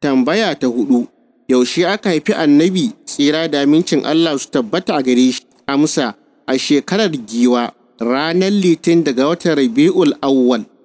Tambaya ta hudu, yaushe aka haifi annabi tsira da amincin Allah su tabbata a gare shi? Amsa, a shekarar giwa, ranar litin daga watan Rabi'ul Awwal.